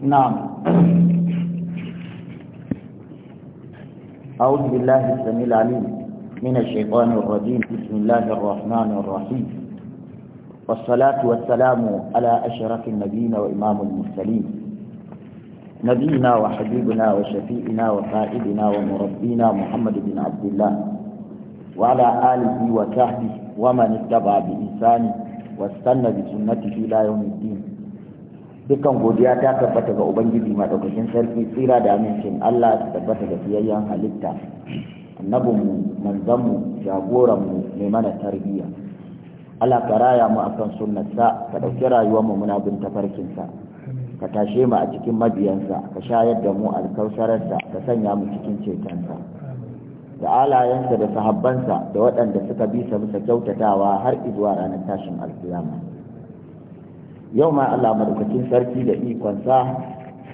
نعم أعوذ بالله السميع العليم من الشيطان الرجيم بسم الله الرحمن الرحيم والصلاة والسلام على أشرف النبيين وإمام المرسلين نبينا وحبيبنا وشفيئنا وقائدنا ومربينا محمد بن عبد الله وعلى آله وصحبه ومن اتبع بإنسانه واستنى بسنته لا يوم الدين dukan godiya ta tabbata ga ubangiji madaukakin sarki tsira da amincin Allah ta tabbata ga fiyayyen halitta mu, annabinmu manzanmu jagoranmu mai mana tarbiyya Allah ka raya mu akan sunnarsa ka ɗauki rayuwarmu muna bin tafarkinsa ka tashe mu a cikin mabiyansa ka shayar da mu sa ka sanya mu cikin cetonsa da alayensa da sahabbansa da waɗanda suka bi sa bisa kyautatawa har izuwa ranar tashin alkiyama yau ma Allah madaukakin sarki da ikonsa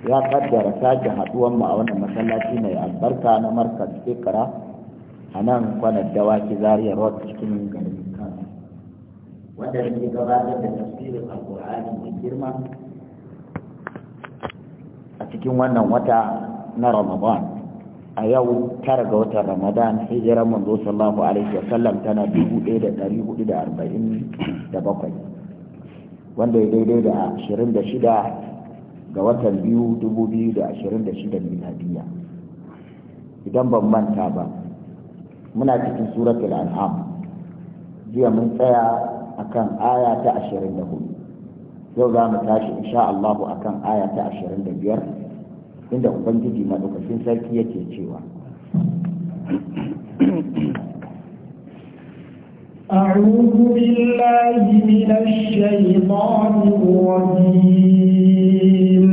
ya kaddara sake haduwan mu a wannan masallaci mai albarka na markas ikra a nan kwanar waki zariyar road cikin garin kano wanda yake gabatar da tafsirin alkur'ani mai girma a cikin wannan wata na ramadan a yau tara ga watan ramadan hijirar manzo sallallahu alaihi wasallam tana 1447 wanda ya daidai da 26 ga watan 2 2026 miladiya idan ban manta ba muna cikin suratul an'am jiya mun tsaya akan aya ta 24 yau za mu tashi insha Allah akan aya ta 25 inda ubangiji madaukakin sarki yake cewa أعوذ بالله من الشيطان الرجيم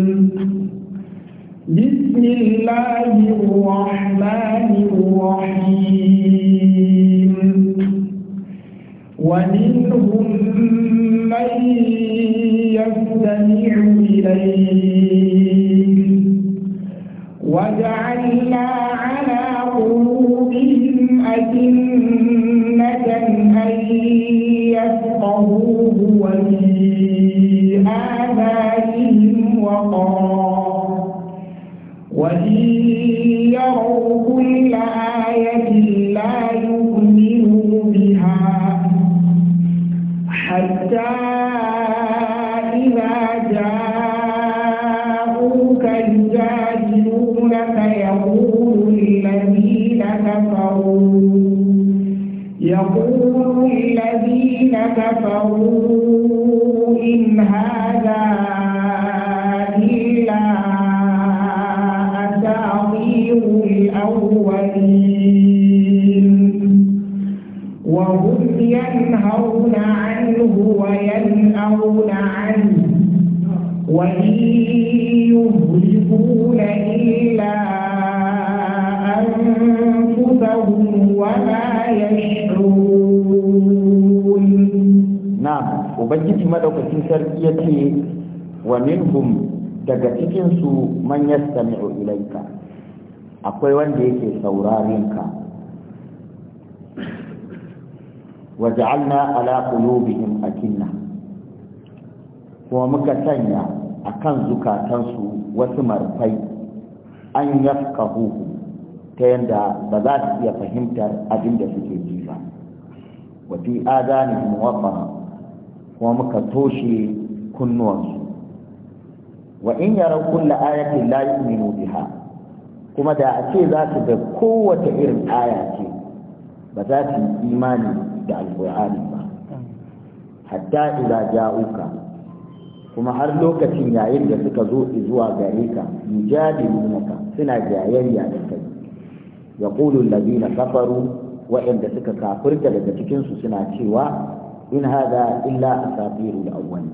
بسم الله الرحمن الرحيم ومنهم من يستمع إليه وجعلنا على قلوبهم أكنة أن يفقهوه وفي آذانهم وقرا وإن يروا كل آية لا يؤمنوا بها حتى الذين كفروا ubangiji madaukakin sarki ya ce wa minhum daga cikinsu man yastami'u ilaika akwai wanda yake saurarin ka waja'alna ala qulubihim akinna kuma muka sanya a kan zukatansu wasu marfai an yafkahu ta yadda ba za su iya fahimtar abin da suke ji ba wa fi adanihim waqara kuma muka toshe kunnuwansu wa in yaran kulla ayatin la yu'minu biha kuma da a ce za su ga kowace irin aya ce ba za su yi imani da alƙur'ani ba hatta idza ja'uka kuma har lokacin yayin da suka zo zuwa gare ka yujadilunaka suna jayayya da kai yaqulu allazina kafaru wa'anda suka kafirta daga cikin su suna cewa in hada illa asabiru da wani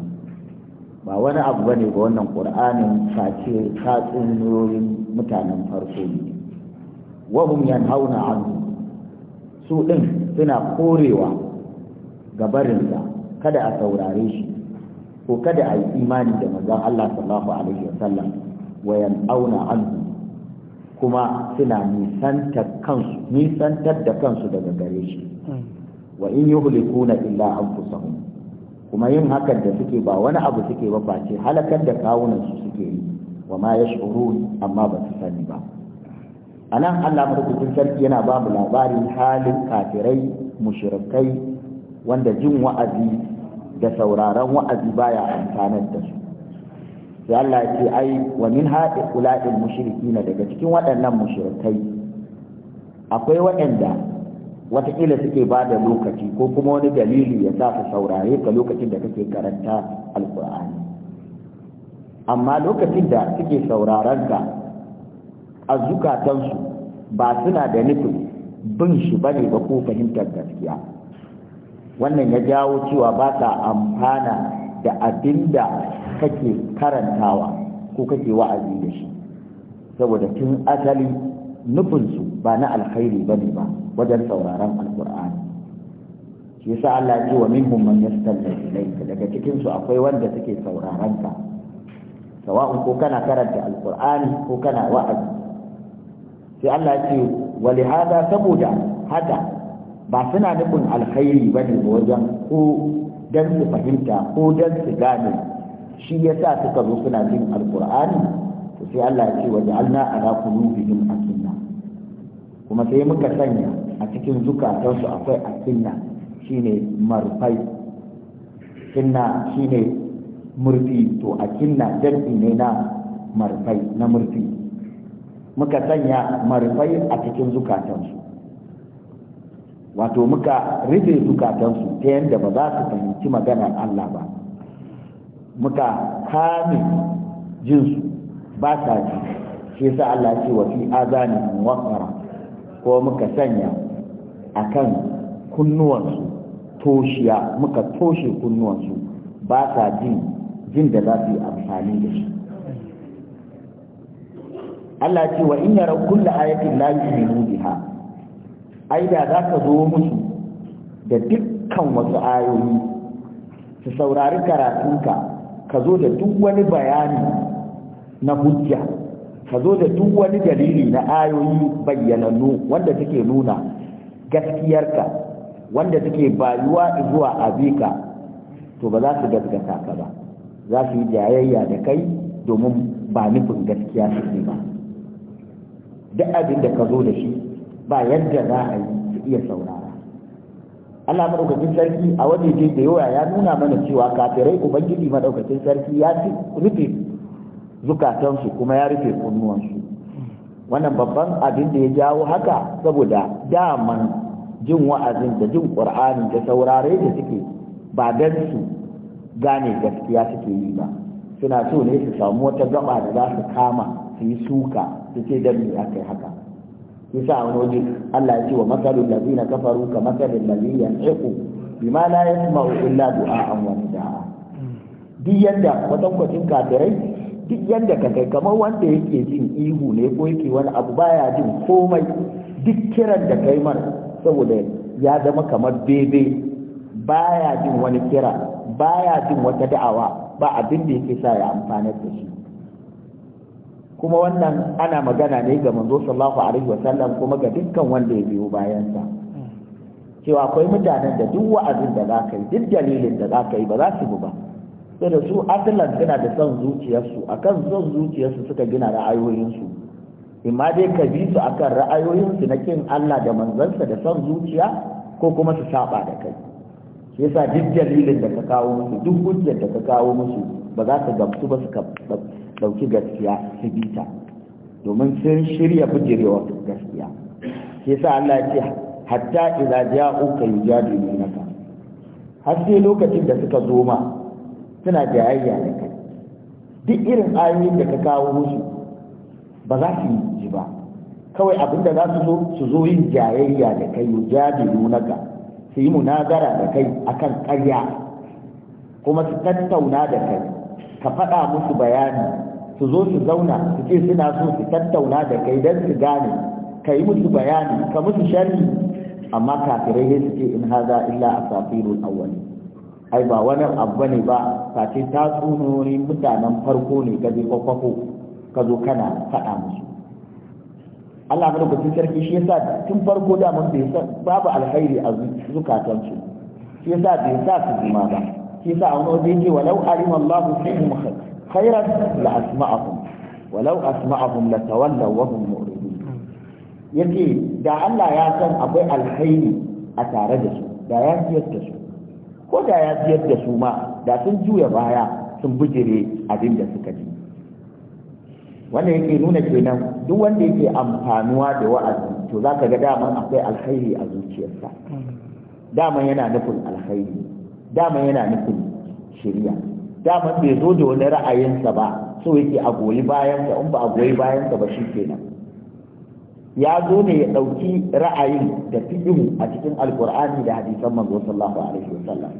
ba wani abu bane ga wannan kur'anin face tatsuniyoyin mutanen farko ne wa hum yanhauna anhu su ɗin suna korewa ga barinsa kada a saurare shi ko kada a yi imani da manzon Allah sallallahu alaihi wasallam wa yanhauna anhu kuma suna nisantar kansu nisantar da kansu daga gare shi wa in yuhlikuna illa anfusahum kuma yin hakan da suke ba wani abu suke ba face halakar da kawunan su suke yi wa ma yash'urun amma ba su sani ba anan Allah madaukakin sarki yana ba mu labarin halin kafirai mushrikai wanda jin wa'azi da sauraron wa'azi baya amfanar da su sai Allah ya ce ai wa min haɗe kula'in mushrikina daga cikin waɗannan mushirikai akwai waɗanda watakila suke ba da lokaci ko kuma wani dalili ya sa su saurare ka lokacin da kake karanta alkur'ani amma lokacin da suke sauraron ka a zukatansu ba suna da nufin bin shi bane ba ko fahimtar gaskiya wannan ya jawo cewa ba sa amfana da abin da kake karantawa ko kake wa'azi da shi saboda tun asali nufinsu ba na alkhairi bane ba wajen sauraron alqur'ani shi yasa Allah ya ce wa minhum man yastalla ilayka daga cikin su akwai wanda suke sauraron ka sawa'un ko kana karanta alqur'ani ko kana wa'azi sai Allah ce wa lihada saboda hada ba suna nufin alkhairi bane wajen ko dan su fahimta ko dan su gane shi yasa suka zo suna jin alqur'ani to sai Allah ya ce wa ja'alna ala qulubihim akinna kuma sai muka sanya a cikin zukatansu akwai asinna shine marfai sinna shine murfi to akinna jarfi ne na marfai na murfi muka sanya marfai a cikin zukatansu wato muka rufe zukatansu ta yadda ba za su fahimci maganar Allah ba muka kame jinsu ba sa ji shi sa Allah ce wa fi azani ko muka sanya a kan kunnuwansu toshiya muka toshe kunnuwansu ba sa jin jin da za su yi amfani da shi Allah ce wa in yara kullu lafi ne yu'minu biha ai da za ka zo musu da dukkan wasu ayoyi su saurari karatunka ka zo da duk wani bayani na hujja ka zo da duk wani dalili na ayoyi bayyanannu wanda take nuna gaskiyarka wanda take bayuwa zuwa abika to ba za su gaskata ka ba za su yi jayayya da kai domin ba nufin gaskiya su ba duk abin da ka zo da shi ba yadda za a yi su iya saurara Ana maɗaukacin sarki a wajeje da yawa ya nuna mana cewa kafirai ubangiji maɗaukacin sarki ya ci rufe zukatansu kuma ya rufe kunnuwansu wannan babban abin da ya jawo haka saboda daman jin wa'azin da jin ƙur'ani da saurare da suke ba don su gane gaskiya suke yi ba suna so ne su samu wata gaba da za su kama su yi suka su ce don me aka haka yasa wani waje Allah ya ce wa masalul ladina kafaru ka masalul ladhi bi ma la yasma'u illa an wa nida'a duk yadda kwatankwacin kafirai duk yadda ka kai kamar wanda yake jin ihu ne ko yake wani abu baya jin komai duk kiran da kai mar saboda ya zama kamar bebe baya jin wani kira baya jin wata da'awa ba abin da yake sa ya amfana da shi kuma wannan ana magana ne ga manzo sallallahu alaihi wasallam kuma ga dukkan wanda ya biyo bayansa cewa akwai mutanen da duk wa'azin da za ka yi duk dalilin da za ka yi ba za su bi ba sai da su adalan suna da son zuciyarsu akan son zuciyarsu suka gina ra'ayoyinsu imma dai ka bi su akan ra'ayoyinsu na kin Allah da manzansa da son zuciya ko kuma su saba da kai shi yasa duk dalilin da ka kawo musu duk hujjar da ka kawo musu ba za su gamsu ba su dauki gaskiya su bi ta domin sun shirya bujirewa gaskiya shi yasa Allah ya ce hatta idza ja'uka yujadilunaka har sai lokacin da suka zo ma suna jayayya da kai duk irin ayoyin da ka kawo musu ba za su yi ji ba kawai abin da za su zo su zo yin jayayya da kai yujadilu naka su yi munazara da kai akan karya kuma su tattauna da kai ka faɗa musu bayani su zo su zauna su ce suna so su tattauna da kai don su gane ka yi musu bayani ka musu sharhi amma kafirai sai su ce in haza illa asafirul awwalin ai ba wani abu ne ba face ta tsunoni mutanen farko ne ka je kwakwako ka zo kana faɗa musu Allah madaukakin sarki shi yasa tun farko da mun bai san babu alkhairi a zukatansu shi yasa bai sa su zuma ba shi yasa a wani waje yake walau alima Allahu fihim khairan la asma'ahum walau asma'ahum la tawallaw wa hum mu'ridun yake da Allah ya san akwai alkhairi a tare da su da ya siyar da su ko da ya siyar da su ma da sun juya baya sun bijire abin da suka ji wanda yake nuna kenan duk wanda yake amfanuwa da wa'azi to za ka ga daman akwai alkhairi a zuciyarsa daman yana nufin alkhairi daman yana nufin shirya daman bai zo da wani ra'ayinsa ba so yake a goyi bayansa in ba a goyi bayansa ba shi kenan ya zo ne ya ɗauki ra'ayin da fi'in a cikin alkur'ani da hadisan manzo sallallahu alaihi wasallam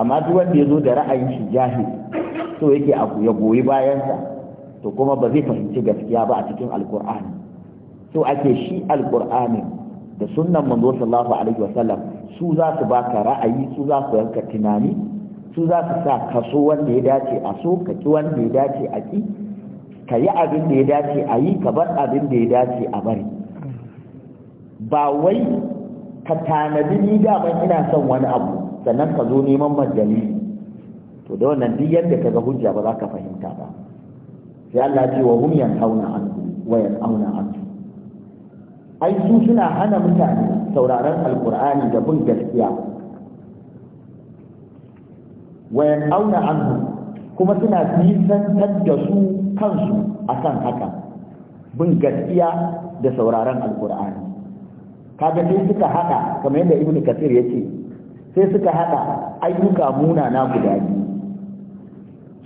amma duk wanda ya zo da ra'ayin shi jahil to yake abu ya goyi bayansa to kuma ba zai fahimci gaskiya ba a cikin alkur'ani to ake shi alkur'ani da sunnan manzo sallallahu alaihi wasallam su za su baka ra'ayi su za su yanka tunani su za su sa kaso wanda ya dace a so ka wanda ya dace a ki ka yi abin da ya dace a yi ka bar abin da ya dace a bari ba wai ka tanadi ni daman ina son wani abu sannan ka zo neman majalisi to da wannan duk yadda ka ga hujja ba za ka fahimta ba sai Allah ce wa hum yanhauna an wa yanhauna an ai su suna hana mutane sauraron alkur'ani da bin gaskiya wa yanhauna an kuma suna nisantar da su kansu akan haka bin gaskiya da sauraron alkur'ani kaga sai suka haɗa kamar yadda ibnu kasir yace sai suka haɗa ayyuka muna na guda biyu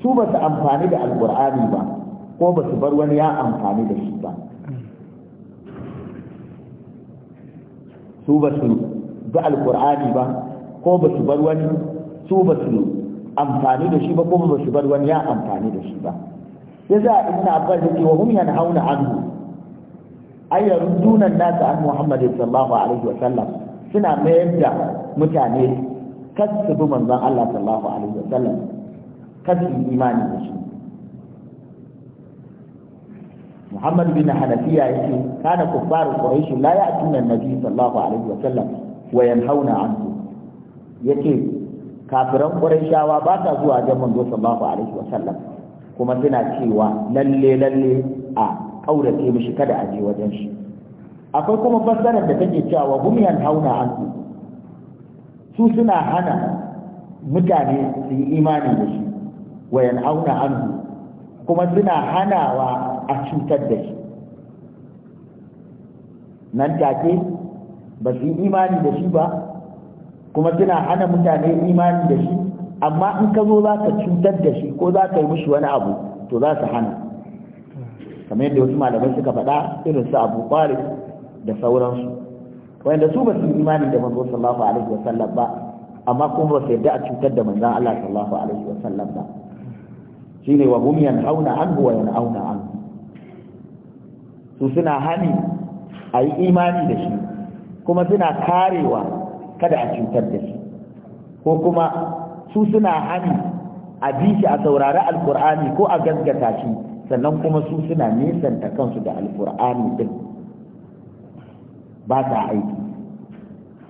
su ba su amfani da alkur'ani ba ko ba su bar wani ya amfani da shi ba su ba su ga alkur'ani ba ko ba su bar wani su ba su amfani da shi ba ko ba su bar wani ya amfani da shi ba a ibn abbas yake wa hum hauna anhu ay yarduna an an muhammad sallallahu alaihi wa sallam suna mayar da mutane kasu bi manzon Allah sallallahu alaihi wa sallam kasu imani da shi Muhammad bin Hanafiya yake kana kuffaru Quraysh la ya'tuna an-nabi sallallahu alaihi wa sallam wa yanhauna anhu yake kafiran Quraishawa ba ta zuwa ga manzo sallallahu alaihi wa sallam kuma suna cewa lalle lalle a ƙaurace mishi kada a je wajen shi akwai kuma fassarar da take cewa hum yanhauna an su suna hana mutane su yi imani da shi wa yanhauna an kuma suna hanawa a cutar da shi nan take ba su yi imani da shi ba kuma suna hana mutane imani da shi amma in ka zo za ka cutar da shi ko za ka yi mishi wani abu to za su hana kamar yadda wasu malamai suka faɗa irin su abu ƙwari da sauransu wanda su ba su yi imani da manzo sallallahu alaihi wa sallam ba amma kuma ba su yadda a cutar da manzon Allah sallallahu alaihi wa sallam ba shine wa hum yanhauna anhu wa yanauna anhu su suna hani a yi imani da shi kuma suna karewa kada a cutar da shi ko kuma su suna hani a bi shi a saurari alkur'ani ko a gaskata shi sannan kuma su suna nesanta kansu da alkur'ani din ba ta aiki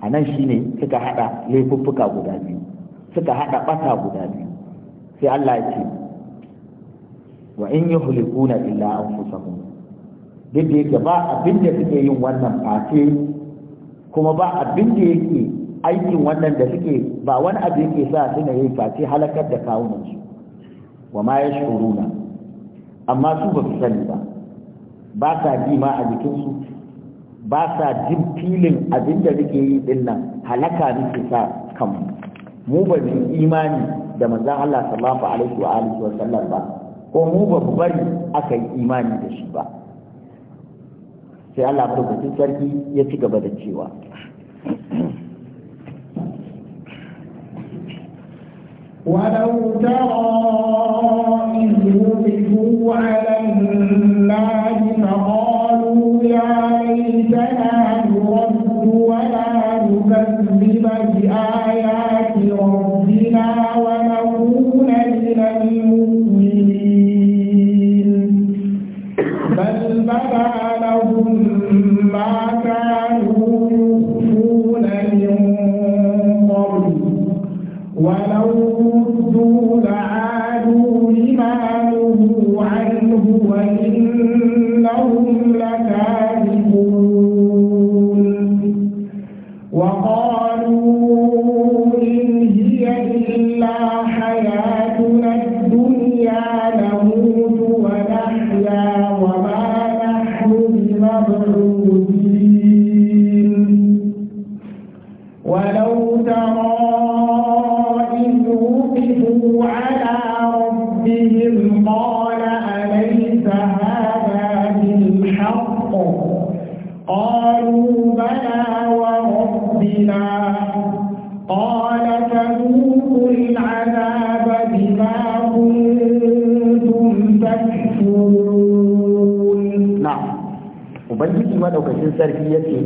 a nan shi ne suka hada laifuffuka guda biyu suka hada bata guda biyu sai Allah ya ce wa in yi hulikuna illa an anfusahum duk da yake ba abin da suke yin wannan face kuma ba abin da yake aikin waɗanda suke ba wani abu yake sa suna yin face halakar da kawunansu wa ma ya shuru na. amma su ba su sani ba ba sa ji a jikinsu ba sa jin filin abin da suke yi din nan halaka nake sa kanmu mu ba mu imani da manzon Allah sallallahu alaihi wa alihi wa sallam ba ko mu ba mu bari aka yi imani da shi ba sai Allah ya sarki ya ci gaba da cewa ولو ترى إذ وقفوا على النار فقالوا يا ليتنا نرد ولا نكذب بآيات ربنا ونكون من المؤمنين بل بدا لهم ما كان ubangiji maɗaukacin sarki yace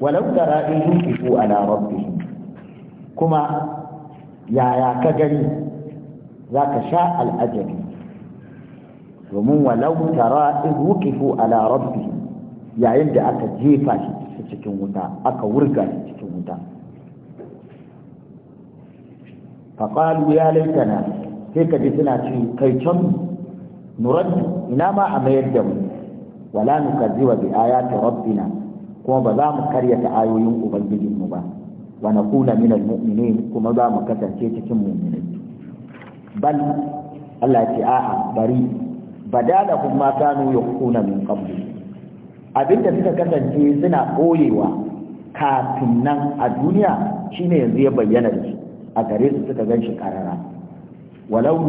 walau tara in yufiqu ala rabbihim kuma yaya ka gani zaka sha al'ajabi domin walau tara in wuqifu ala rabbihim yayin da aka jefa shi cikin wuta aka wurga shi cikin wuta faƙalu ya laifana sai ka ji suna ce kai can nuraddu ina ma a mayar da mu wala nukazziba bi ayati rabbina kuma ba za mu karyata ayoyin ubangijinmu ba wa nakuna min almu'minin kuma za mu kasance cikin mu'minai bal Allah ce a'a bari kuma ma kanu yakuna min qabli abinda suka kasance suna ɓoyewa kafin nan a duniya shine yanzu ya bayyana shi a gare su suka gan shi karara walau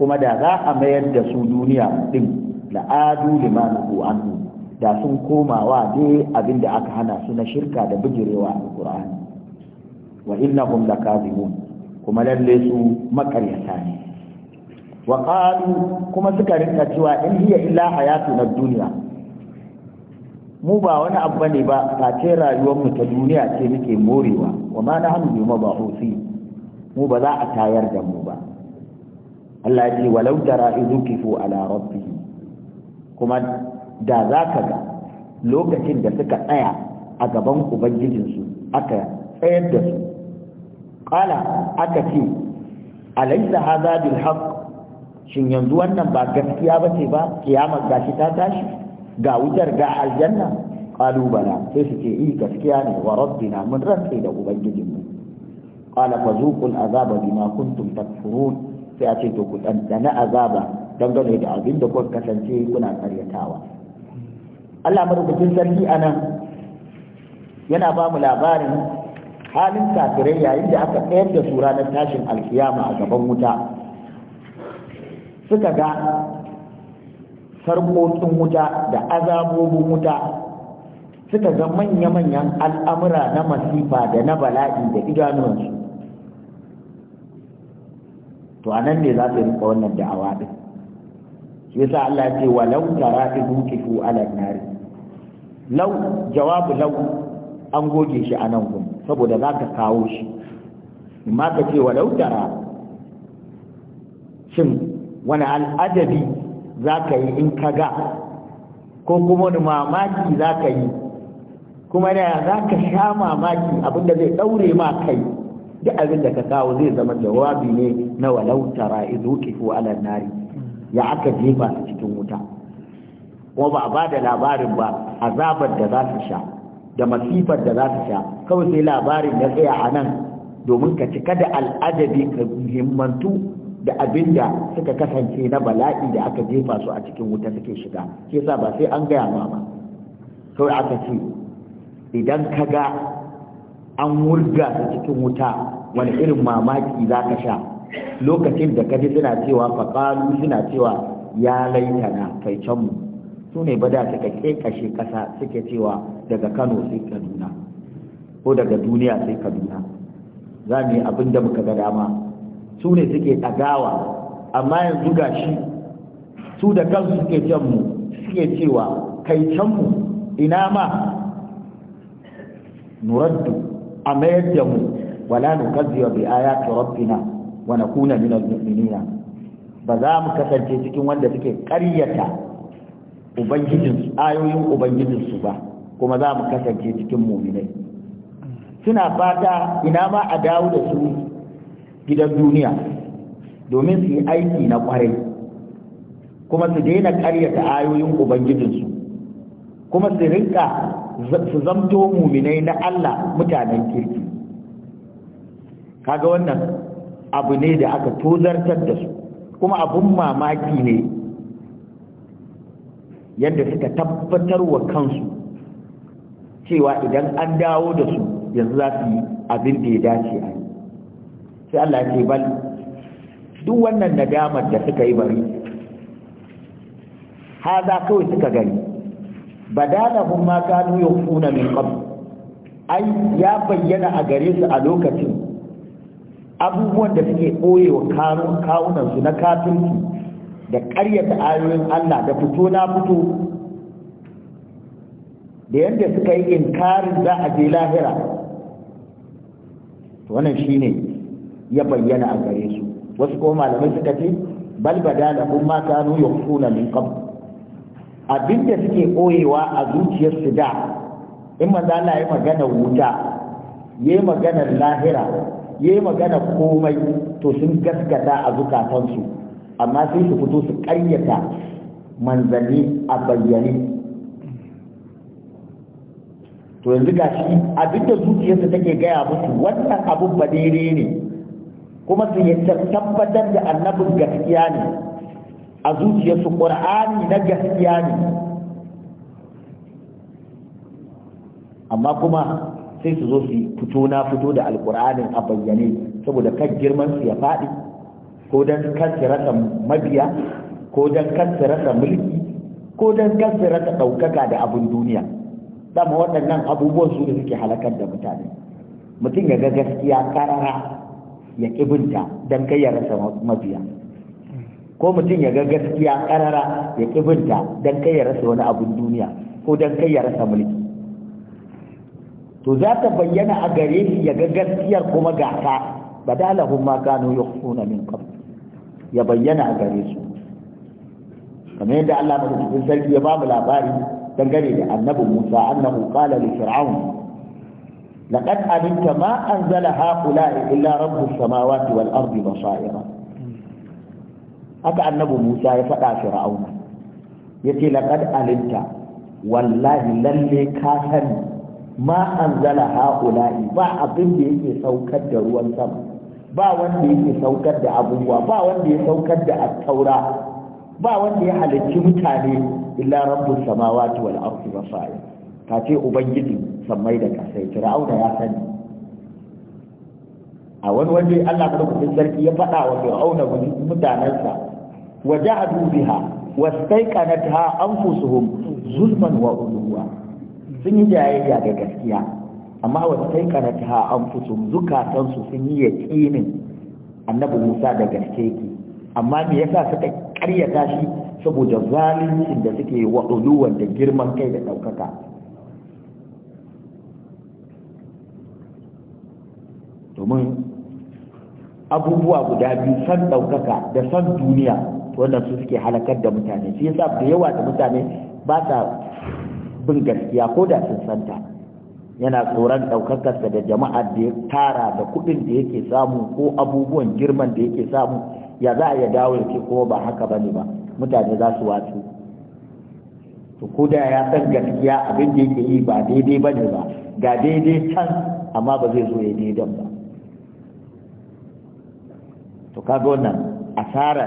kuma da za a mayar da su duniya din la'adu limanuhu anhu da sun komawa dai abin da aka hana su na shirka da bijirewa alqur'ani wa innahum lakazibun kuma lalle su makaryata ne wa qalu kuma suka rinka cewa in hiya illa na duniya. mu ba wani abu ne ba face rayuwar mu ta duniya ce muke morewa wa ma nahnu ba hosi mu ba za a tayar da mu ba Allah ya ce walau tara idukifu ala rabbihim kuma da za ka ga lokacin da suka tsaya a gaban ubangijinsu aka tsayar da su ƙala aka ce alaisa haza bil haq shin yanzu wannan ba gaskiya ba ce ba kiyamar gashi ta tashi ga wutar ga aljanna ƙalu bala sai su ce yi eh, gaskiya ne wa rabbina mun rantse da ubangijinmu ƙala fa zuqul azaba bima kuntum takfurun sai a ce to ku ɗanɗana azaba dangane da abin da kuka kasance kuna karyatawa Allah madaukakin sarki a nan, yana ba mu labarin halin kafirai yayin da aka tsayar da su ranar tashin alkiyama a gaban wuta suka ga sarkokin wuta da azabobin wuta suka ga manya-manyan al'amura na masifa da na bala'i da idanuwansu to a nan ne za su rika wannan da'awa ɗin shi yasa Allah ya ce law tara idu kifu ala nar law jawabu lau an goge shi anan kun gun saboda za ka kawo shi ma ka ce law tara shin wani al'adabi za ka yi in ka ga ko kuma wani mamaki za ka yi kuma da za ka sha mamaki abinda zai ɗaure ma kai duk abin da ka kawo zai zama jawabi ne na walau tara idu kifu ala nari ya aka jefa su cikin wuta kuma ba a ba da labarin ba azabar da za su sha da masifar da za su sha kawai sai labarin ya tsaya a nan domin ka cika da al'adabi ka himmantu da abin da suka kasance na bala'i da aka jefa su a cikin wuta suke shiga ke sa ba sai an gaya ma ba kawai aka ce idan ka ga an wurga su cikin wuta wani irin mamaki za ka sha lokacin da kaji suna cewa faƙalu suna cewa ya laitana kai mu su ne bada suka ƙeƙashe ƙasa suke cewa daga kano sai kaduna ko daga duniya sai kaduna za mu yi abin da muka ga dama su ne suke ɗagawa amma yanzu ga shi su da kansu suke mu suke cewa kai mu ina ma nuraddu a mayar da mu wala nukazziya bi ayati rabbina wa nakuna minal mu'minina ba za mu kasance cikin wanda suke ƙaryata ubangijin ayoyin ubangijinsu ba kuma za mu kasance cikin mu'minai suna fata ina ma a dawo da su gidan duniya domin su yi aiki na kwarai kuma su daina ƙaryata ayoyin ubangijinsu kuma su rinka su zamto muminai na Allah mutanen kirki kaga wannan abu ne da aka tozartar da su kuma abun mamaki ne yadda suka tabbatar wa kansu cewa idan an dawo da su yanzu za su yi abin da ya dace a yi sai Allah ce bal duk wannan nadamar da suka yi bari Ha za kawai suka gani badalahum ma kanu funa min qabl ai ya bayyana a gare su a lokacin abubuwan da suke ɓoye wa kawunansu na kafinsu da ƙaryata ayoyin Allah da fito na fito da yadda suka yi inkarin za a je lahira wannan shi ne ya bayyana a gare su wasu kuma malamai suka ce balba da lahum ma kanu kuna min abin abinda suke ɓoyewa a zuciyarsu da in maza Allah ya magana wuta ya yi maganar lahira ya Yi magana komai to sun gaskata a zukatansu amma sai su fito su ƙaryata manzanni a bayyane to yanzu ga shi abinda zuciyarsa take gaya musu wannan abun ba daidai ne kuma su yi tabbatar da annabin gaskiya ne a zuciyarsu ƙur'ani na gaskiya ne amma kuma sai su zo su fito na fito da alkur'anin a bayyane saboda kan girman su ya faɗi ko don kan su rasa mabiya ko don kan su rasa mulki ko don kan su rasa ɗaukaka da abin duniya dama waɗannan abubuwan su ne suke halakar da mutane mutum ya ga gaskiya karara ya kibinta don kai ya rasa mabiya ko mutum ya ga gaskiya karara ya kibinta don kai ya rasa wani abin duniya ko don kai ya rasa mulki to za ta bayyana a gare shi ya ga gaskiyar kuma Ba da badalahum ma ya yukhfuna min qabl ya bayyana a gare su kamar yadda Allah madaukakin sarki ya bamu labari dangane da annabi Musa annahu qala li fir'aun laqad alimta ma anzala haula'i illa rabbus samawati wal ardi basaira haka annabi Musa ya faɗa fir'auna yace laqad alimta wallahi lalle ka sani ma zala haula'i ba abin da yake saukar da ruwan sama ba wanda yake saukar da abubuwa ba wanda ya saukar da attaura ba wanda ya halarci mutane illa rabbus samawati wal ardi basair ta ce ubangiji sammai da kasai fir'auna ya sani a wani waje Allah madaukakin sarki ya faɗa wa fir'auna mutanensa wa ja'adu biha wastaiqanatha anfusuhum zulman wa uluwa sun yi jayayya ga gaskiya amma wata sai karata ha an fusu su sun yi yaƙinin annabi musa da gaske yake amma me yasa suka karyata shi saboda zalincin da suke wa da girman kai da ɗaukaka domin abubuwa guda biyu san ɗaukaka da san duniya wannan su suke halakar da mutane shi yasa da yawa da mutane ba sa bin gaskiya ko da sun santa yana tsoron ɗaukakarsa da jama'a da ya tara da kuɗin da yake samu ko abubuwan girman da yake samu ya za a ya dawo ya ce kuma ba haka ba ne ba mutane za su watsu to ko da ya san gaskiya abin da yake yi ba daidai ba ne ba ga daidai can amma ba zai zo ya daidan ba to kaga wannan asara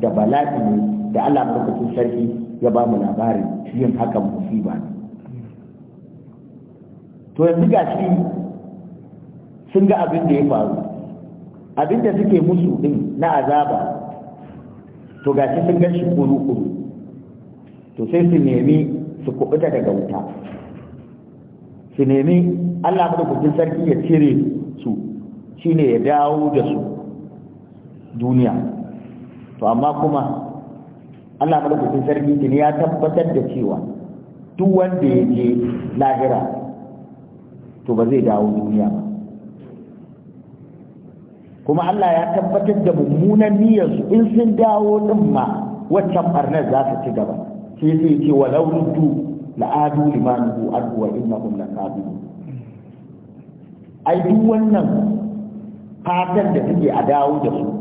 da bala'i ne da Allah madaukakin sarki ya ba mu labari yin hakan musiba ne to yanzu ga shi sun ga abin da ya faru abin da suke musu din na azaba to ga shi sun ga shi kuru-kuru to sai su nemi su kubuta daga wuta su nemi allah madaukakin sarki ya cire su shine ya dawo da su duniya to amma kuma Allah madaukakin sarki ne ya tabbatar da cewa duk wanda ya je lahira to ba zai dawo duniya ba kuma Allah ya tabbatar da mummunan su in sun dawo din ma waccan barnar za su ci gaba sai sai ce wa la la'adu limanuhu adu wa innahum lakadibun ai duk wannan fatan da take a dawo da su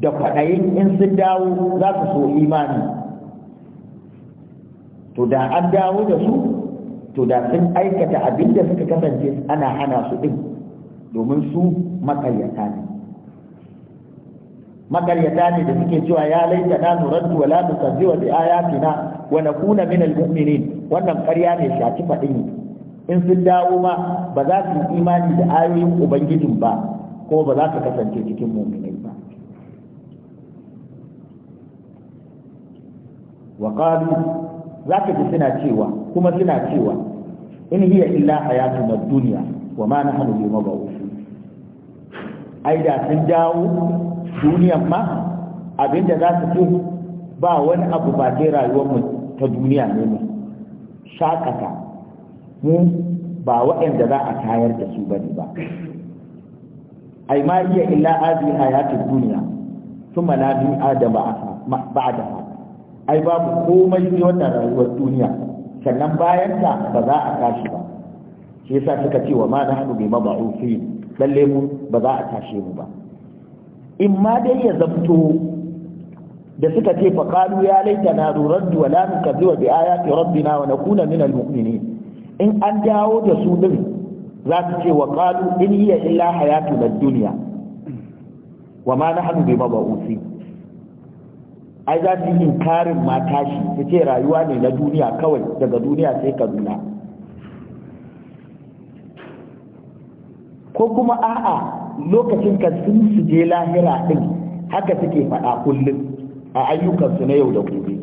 da kwaɗayin in sun dawo za su so imani to da an dawo da su to da sun aikata abin da suka kasance ana hana su ɗin domin su makaryata ne makaryata ne da suke cewa ya laita na nuraddu wala da bi ayatina wa kuna min almu'minin wannan ƙarya ne shaci faɗin in sun dawo ma ba za su imani da ayoyin ubangijin ba ko ba za su kasance cikin mu'minai wa qalu zaka ji suna cewa kuma suna cewa in hiya illa hayatuna ad duniya, wa ma na nahnu bi mabu'u ai da sun dawo duniyan ma abinda za su ce ba wani abu ba dai rayuwarmu ta duniya ne mu shakata mu ba waɗanda za a tayar da su bane ba ai ma iya illa hadhihi hayatud duniya thumma la bi adama ba'daha ai babu komai ne wannan rayuwar duniya sannan bayan ta ba za a tashi ba shi yasa suka ce wa ma na nahnu bi mab'uthin lalle mu ba za a tashe mu ba in ma dai ya zamto da suka ce fa qalu ya na nuraddu wa la nukazziba bi ayati rabbina wa nakuna minal mu'minin in an dawo da su din za su ce wa qalu in hiya illa na duniya? wa ma na nahnu bi mab'uthin ai za su yi inkarin mata shi su ce rayuwa ne na duniya kawai daga duniya sai ka kaduna ko kuma a'a lokacin ka sun su je lahira ɗin haka suke faɗa kullum a ayyukansu na yau da gobe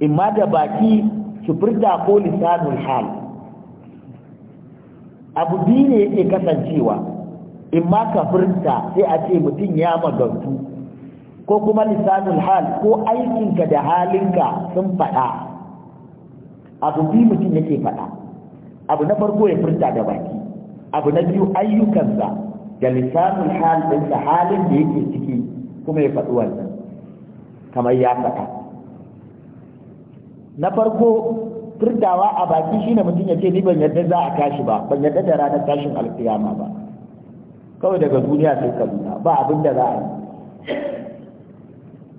imma da baki su furta ko lisanul hal abu biyu ne yake kasancewa imma ka furta sai a ce mutum ya magantu ko kuma lisanul hal ko aikinka da halinka sun faɗa abu biyu mutum yake faɗa abu na farko ya furta da baki abu na biyu ayyukansa da lisanul hal ɗinsa halin da yake ciki kuma ya faɗi wannan kamar ya faɗa na farko furtawa a baki shine mutum ya ce ni ban yadda za a tashi ba ban yadda da ranar tashin alkiyama ba kawai daga duniya sai kaduna ba abin da za a yi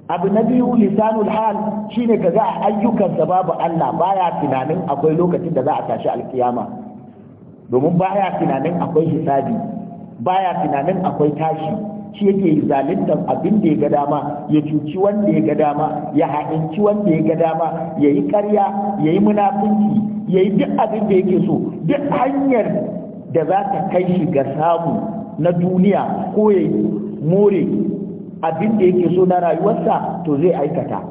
abu na biyu lisanul hal shine ka ga da babu Allah baya tunanin akwai lokacin da za a tashi alkiyama domin baya tunanin akwai hisabi baya tunanin akwai tashi shi yake zaluntar abin da ya ga dama ya cuci wanda ya ga dama ya haɗinci wanda ya ga dama ya yi ƙarya ya yi munafunci ya yi duk abin da yake so duk hanyar da za ta kai shi ga samu na duniya ko ya more abin da yake so na rayuwarsa to zai aikata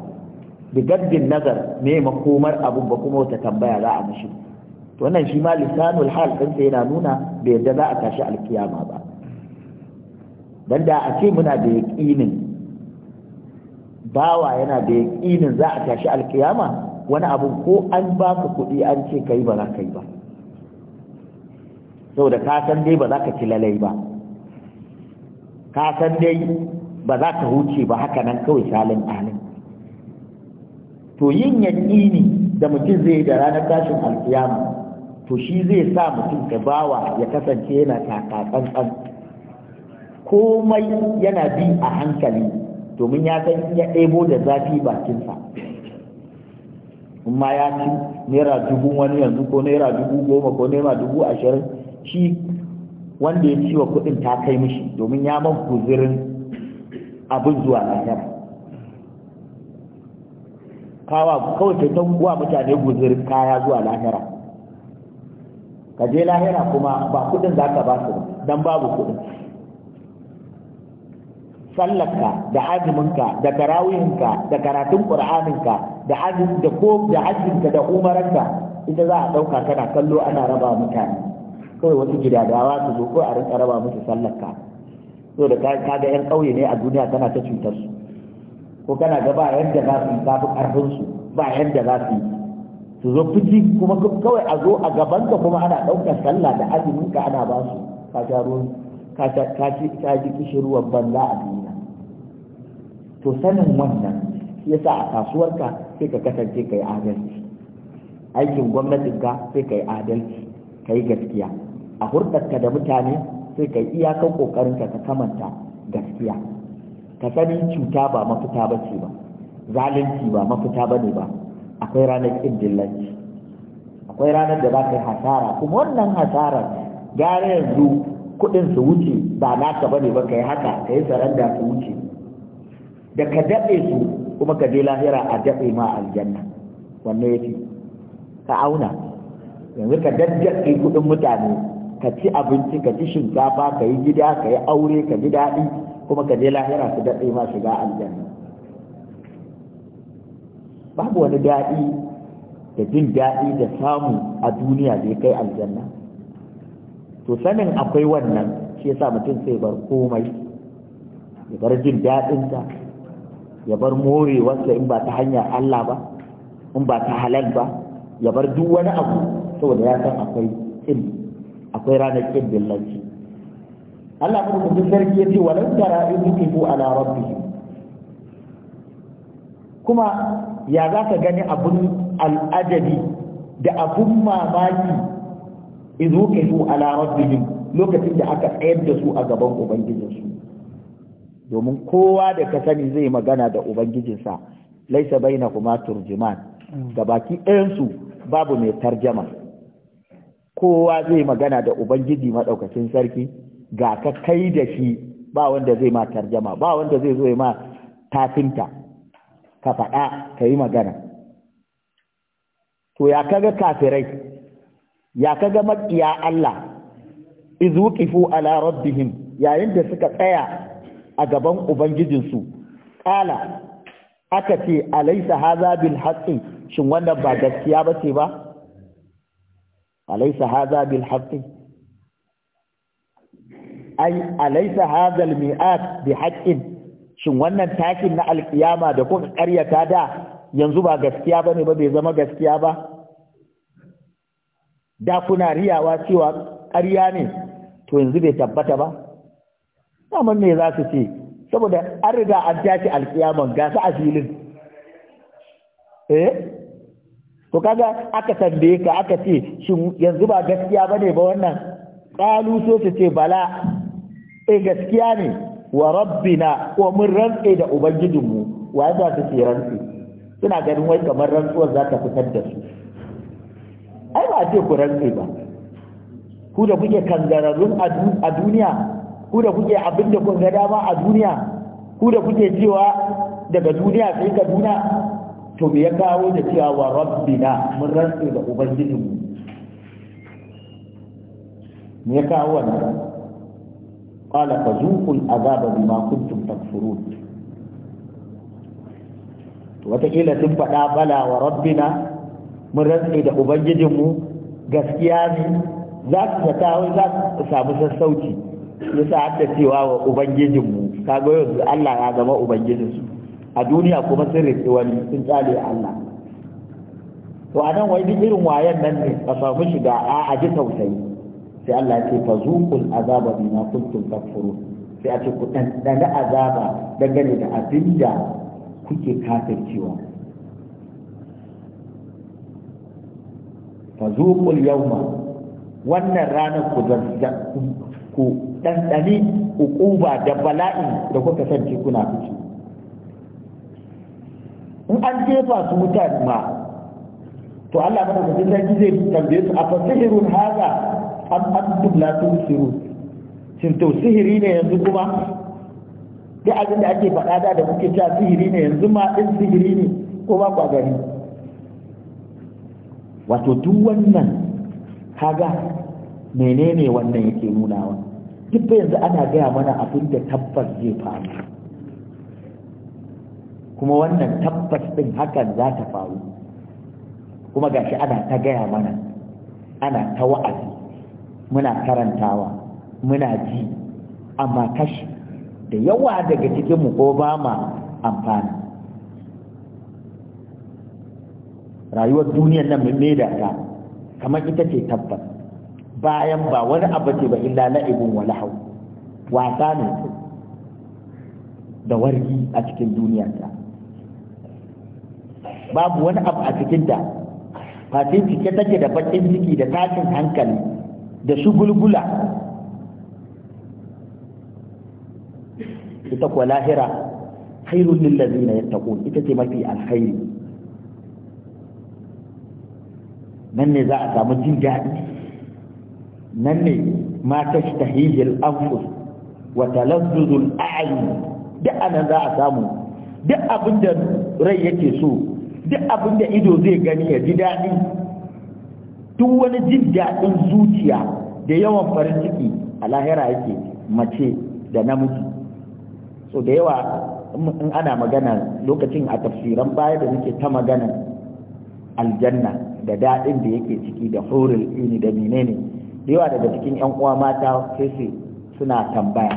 bigaddin nazar me makomar abun ba kuma wata tambaya za a mishi to wannan shi ma lisanul hal ɗinsa yana nuna bai yadda za a tashi alkiyama ba dan da a ce muna da yaƙinin bawa yana da yaƙinin za a tashi alkiyama wani abu ko an baka kuɗi an ce kai ba za ka yi ba saboda ka san dai ba za ka ci lalai ba ka san dai ba za ta huce ba haka nan kawai salin alin to yin yaƙini da mutum zai da ranar tashin alkiyama to shi zai sa mutum da bawa ya kasance yana taka tsantsan komai yana bi a hankali domin ya san ya ɗebo da zafi bakinsa kuma ya ci naira dubu wani yanzu ko naira dubu goma ko naira dubu ashirin shi wanda ya ciwa kuɗin ta kai mishi domin ya man guzirin abin zuwa lahira kawa kawai ta kuwa mutane guzurin kaya zuwa lahira ka je lahira kuma ba kudin za ka ba su ba don babu kudin sallarka da azuminka da karawihinka da karatun ƙur'aninka da azum da ko da hajjinka da umaranka ita za a ɗauka kana kallo ana raba mutane kawai wasu gidadawa su zo ko a rinka raba musu sallarka so da ka ga yan ƙauye ne a duniya tana ta cutar su ko kana ga ba yadda za su yi ta fi ƙarfin su ba yadda za su yi su zo fiti kuma kawai a zo a gaban ka kuma ana ɗaukar sallah da azumin ka ana ba su ka sha ruwan ka ji kishiruwan banza a duniya to sanin wannan yasa a kasuwarka sai ka kasance ka yi adalci aikin gwamnatinka sai ka yi adalci ka yi gaskiya a hurɗarka da mutane sai ka iyakar kokarin ka ka kamanta gaskiya ka sani cuta ba mafita ba ce ba zalunci ba mafita ba ne ba akwai ranar ƙin dillanci akwai ranar da za ka yi hasara kuma wannan hasarar gara yanzu kuɗin su wuce ba naka ba ne ba ka yi haka ka yi saranda su wuce da ka daɗe su kuma ka je lahira a daɗe ma aljanna wanne ya ka auna yanzu ka daddaɗe kuɗin mutane ka ci abinci ka ci shinkafa ka yi gida ka yi aure ka ji daɗi kuma ka je lahira su daɗe ma shiga aljanna babu wani daɗi da jin daɗi da samu a duniya da ya kai aljanna to sanin akwai wannan shi yasa mutum sai bar komai ya bar jin daɗinsa ya bar morewarsa in ba ta hanyar Allah ba in ba ta halal ba ya bar duk wani abu saboda ya san akwai ilmi akwai ranar kin dillanci Allah madaukakin sarki ya ce walau tara in ala rabbihim kuma ya za ka gani abun al'ajabi da abun mamaki idu ka su ala rabbihim lokacin da aka tsayar da su a gaban ubangijinsu domin kowa da ka sani zai magana da ubangijinsa laisa baina kuma turjiman ga baki ɗayansu babu mai tarjama kowa zai magana da ubangiji maɗaukacin sarki ga ka kai da shi ba wanda zai ma tarjama ba wanda zai zo ya ma tafinta ka faɗa ka yi magana to ya kaga kafirai ya kaga maƙiya Allah izuƙifu ala rabbihim yayin da suka tsaya a gaban ubangijinsu ƙala aka ce alaisa haza bil haqqi shin wannan ba gaskiya ba ce ba alaysa hadha bil ai alaysa hadha al bi haqqin shin wannan tashin na alkiyama da kuka karyata da yanzu ba gaskiya bane ba bai zama gaskiya ba da kuna riyawa cewa ƙarya ne to yanzu bai tabbata ba daman me za su ce saboda an riga an tashi alƙiyaman gasa a filin eh to kaga aka tambaye ka aka ce shin yanzu ba gaskiya bane ba wannan qalu so su ce bala eh gaskiya ne wa rabbina wa mun rantse da ubangijinmu wa za su ce rantsi suna ganin wai kamar rantsuwar za ta fitar da su ai ba ce ku rantse ba ku da kuke kangararrun a duniya ku da kuke abin da kun ga dama a duniya ku da kuke cewa daga duniya sai ka duniya to me ya kawo da cewa wa rabbina mun rantsu da mu? me ya kawo wannan qala fazuqul azaba bima kuntum takfurun to wataƙila sun faɗa bala wa rabbina mun rantsu da mu gaskiya ne za su ta za su samu sassauci yasa har da cewa wa ubangijin mu kaga yanzu Allah ya zama su. a duniya kuma sun riƙe wani sun tsale Allah to a nan wai duk irin wayan nan ne ka samu shiga a a ji tausayi sai Allah ya ce fa zuqul azaba bima kuntum takfurun sai a ce ku dan dan azaba dangane da abinda kuke kafircewa fa zuqul yawma wannan ranar ku ku dan dani da bala'i da kuka sanci kuna fice in an jefa su mutane ma to Allah mana da sarki zai tambaye su a sihirun haza am antum la tusirun shin to sihiri ne yanzu kuma da abin da ake faɗa da da kuke cewa sihiri ne yanzu ma din sihiri ne ko ba kwa gani wato duk wannan kaga menene wannan yake nunawa duk yanzu ana gaya mana abin da tabbas zai faru kuma wannan tabbas ɗin hakan za ta faru kuma gashi ana ta gaya mana ana ta wa'azi muna karantawa muna ji amma kashi da yawa daga cikinmu ko ba ma amfani rayuwar duniyar nan mai da ta kamar ita ce tabbas bayan ba wani abu ce ba illa la'ibun wa lahau wasa ne da wargi a cikin duniyar ta babu wani abu a cikinta fatin cike take da bakin ciki da tashin hankali da su gulgula. ita kuwa lahira khairun lillazina yattaqun ita ce mafi alkhairi nan ne za a samu jin daɗi nan ne ma tashtahihi al-anfus wa talazzuzu al-a'yun duk anan za a samu duk abin da rai yake so duk abin da ido zai gani ya ji daɗi duk wani jin daɗin zuciya da yawan farin ciki a lahira yake mace da namiji so da yawa in ana magana lokacin a tafsiran baya da muke ta magana aljanna da daɗin da yake ciki da hurul ini da menene da yawa daga cikin yan uwa mata sai su suna tambaya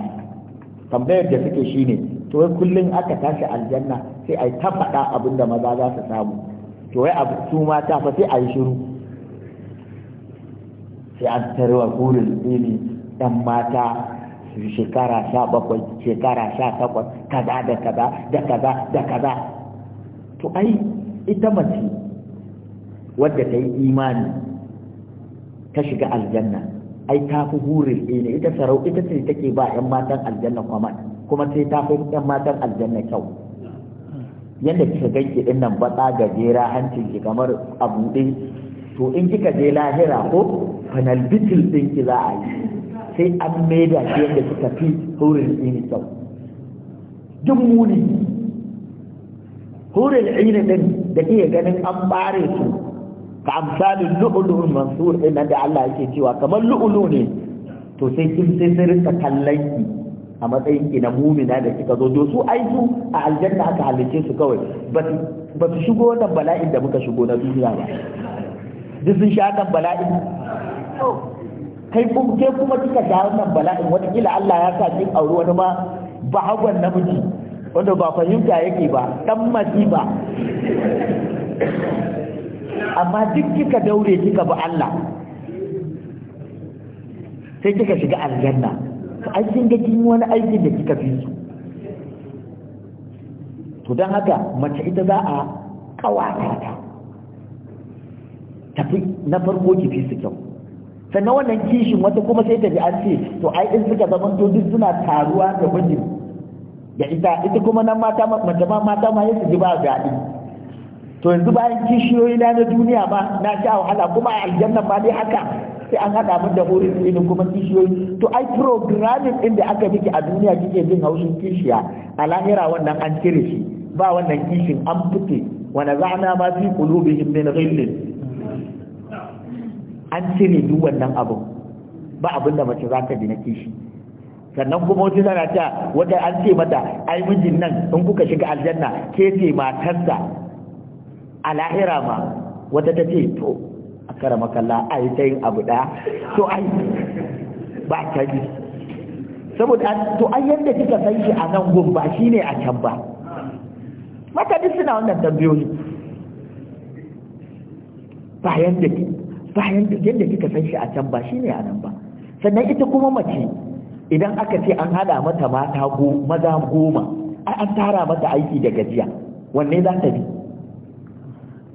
tambayar da suke shine to wai kullum aka tashi aljanna sai a ta faɗa abin da maza za su samu to wai abu su mata fa sai a yi shiru sai an tarwa gurin ɗini ɗan mata shekara sha bakwai shekara sha takwas kaza da kaza da kaza da kaza to ai ita mace wadda ta yi imani ta shiga aljanna ai ta fi hurin ne ita sarau ita ce take ba 'yan matan aljanna kwaman kuma sai ta fi 'yan matan aljanna kyau yadda kika ganki din nan ga gajera hancin ki kamar a buɗe to in kika je lahira ko fanal bitil din ki za a yi sai an maida shi yadda kika fi hurin ini sau duk muni hurin ini din da iya ganin an bare su ka amsali lu'ulu'un mansur din da Allah yake cewa kamar lu'ulu ne to sai kin sai sai rinka kallon ki a matsayin ina mumina da kika zo to su ai su a aljanna aka halice su kawai ba su shigo wannan bala'in da muka shigo na duniya ba duk sun sha wannan bala'in kai kuma ke kuma kika sha wannan bala'in kila Allah ya sa kin aure wani ma ba hagon namiji wanda ba fahimta yake ba dan masifa amma duk kika daure kika bi Allah sai kika shiga aljanna ai kin ga wani aikin da kika fi su to don haka mace ita za a kawata ta tafi na farko ki fi su kyau sannan wannan kishin wata kuma sai ta an ce to ai in suka zama to duk suna taruwa da mijin da ita ita kuma nan mata mace ma mata ma yasu ji ba daɗi to yanzu bayan kishiyoyi na na duniya ma na sha wahala kuma a aljanna ma dai haka sai an haɗa min da horin ɗinin kuma kishiyoyi to ai programming ɗin da aka miki a duniya kike jin haushin kishiya a lahira wannan an cire shi ba wannan kishin an fite wani za'ana ma fi qulubihim min ghillin an cire duk wannan abu ba abin da mace za ta bi na kishi sannan kuma wata tana ta wadda an ce mata ai mijin nan in kuka shiga aljanna ke ce matarsa a lahira ma wata ta ce to a kara makalla a yi ta yin abu ɗaya to ai ba ta yi saboda to ai yadda kika san shi a nan gun ba shi ne a can ba mata duk suna wannan tambayoyi ba yadda ba yadda kika san shi a can ba shi ne a nan ba sannan ita kuma mace idan aka ce an hada mata mata maza goma an tara mata aiki da gajiya wanne za ta bi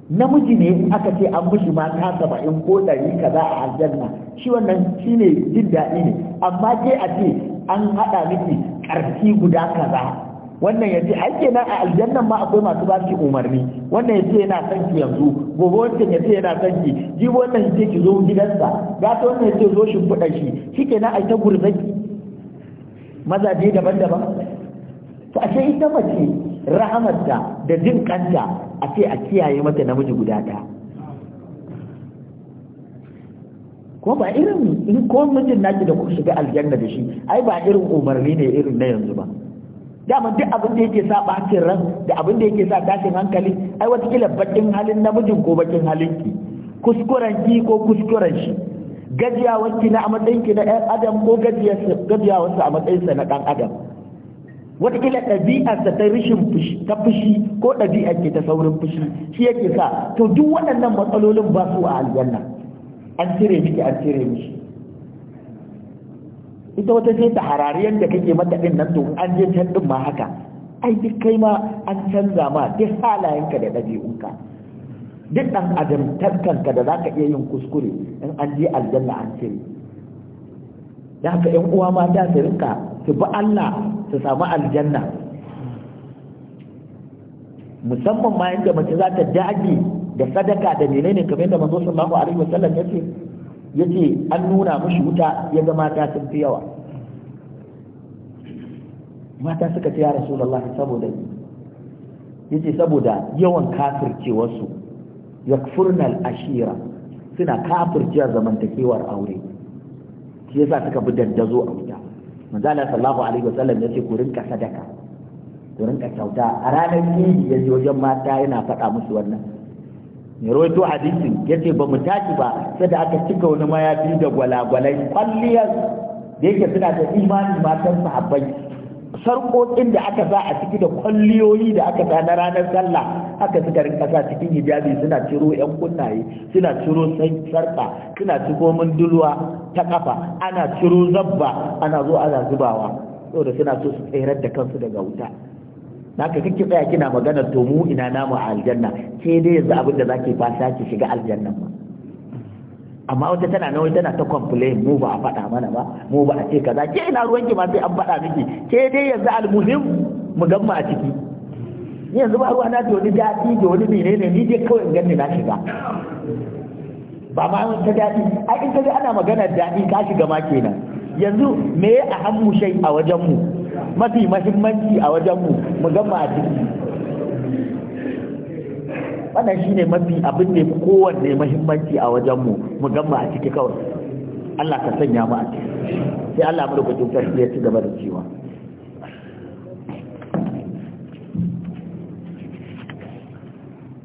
namiji ne aka ce an mishi mata saba'in ko ɗari kaza a aljanna shi wannan shi ne jin daɗi ne amma ke a ce an haɗa miki ƙarfi guda kaza wannan ya ce ai kenan a aljannan ma akwai masu ba ki umarni wannan ya ce yana son ki yanzu gobe wancan ya ce yana son ki ji wannan ya ce ki zo gidansa ga ta wannan ya ce zo shimfiɗa shi shi na ai ta gurzaki mazaje daban-daban to ashe ita mace rahamarta da jin kanta a ce a kiyaye mata namiji guda ɗaya ko ba irin in ko mijin naki da kuka shiga aljanna da shi ai ba irin umarni ne irin na yanzu ba dama duk abin da yake sa bacin ran da abin da yake sa tashin hankali ai watakila baƙin halin namijin ko bakin halin ki kuskuren ki ko kuskuren shi gajiyawar ki na a matsayin ki na ɗan adam ko gajiyawar a matsayin sa na ɗan adam wataƙila ɗabi'arsa ta rishin ta fushi ko ɗabi'a ke ta saurin fushi shi yake sa to duk waɗannan matsalolin ba su a aljanna an cire miki an cire mishi ita wata ce ta harariyar da kake mata ɗin nan to an je can ɗin ma haka ai duk kai ma an canza ma duk halayenka da ɗabi'unka duk ɗan adamtarkanka da za ka iya yin kuskure in an je aljanna an cire da haka 'yan uwa mata su rinka su bi Allah su samu aljanna musamman ma yadda mace za ta dage da sadaka da menene kamar yadda manzo sallallahu alaihi wasallam yace yace an nuna mushi wuta ya ga mata sun fi yawa mata suka ce ya rasulullahi saboda yace saboda yawan kafircewar su yakfurnal ashira suna kafircewar zamantakewar aure shi yasa suka bi daddazo a manzo Allah alaihi wasallam ce ku rinka sadaka ku rinka kyauta a ranar idi ji wajen mata yana faɗa musu wannan ne rawaito hadisin ce ba mu tashi ba sai da aka cika wani mayafi da gwalagwalai kwalliyar da yake suna da imani matan sahabbai sarƙoƙin da aka sa a ciki da kwalliyoyi da aka sa na ranar sallah Aka fi kasa kasa cikin hijabi suna ciro yan kunnaye suna ciro sarka suna ciro mundulwa ta kafa ana ciro zabba ana zo ana zubawa saboda suna so su tsayar da kansu daga wuta naka kike tsaya kina magana to mu ina namu a aljanna ke dai yanzu abin da zaki fasa ki shiga aljanna ba amma wata tana nawa tana ta complain mu ba a faɗa mana ba mu ba a ce kaza ke ina ruwanki ma sai an faɗa miki ke dai yanzu almuhim mu gamma a ciki ni yanzu ba ruwa na da wani daɗi da wani ne, ni dai kawai in ganni na shiga ba ma ta daɗi ai in kaga ana maganar daɗi ka shiga ma kenan yanzu me ya ahammu shai a wajen mu mafi mahimmanci a wajen mu mu gama a ciki wannan shine mafi abin da yafi kowanne mahimmanci a wajen mu mu gama a ciki kawai Allah ka sanya mu a ciki sai Allah mu rubuta sarki ya ci gaba da cewa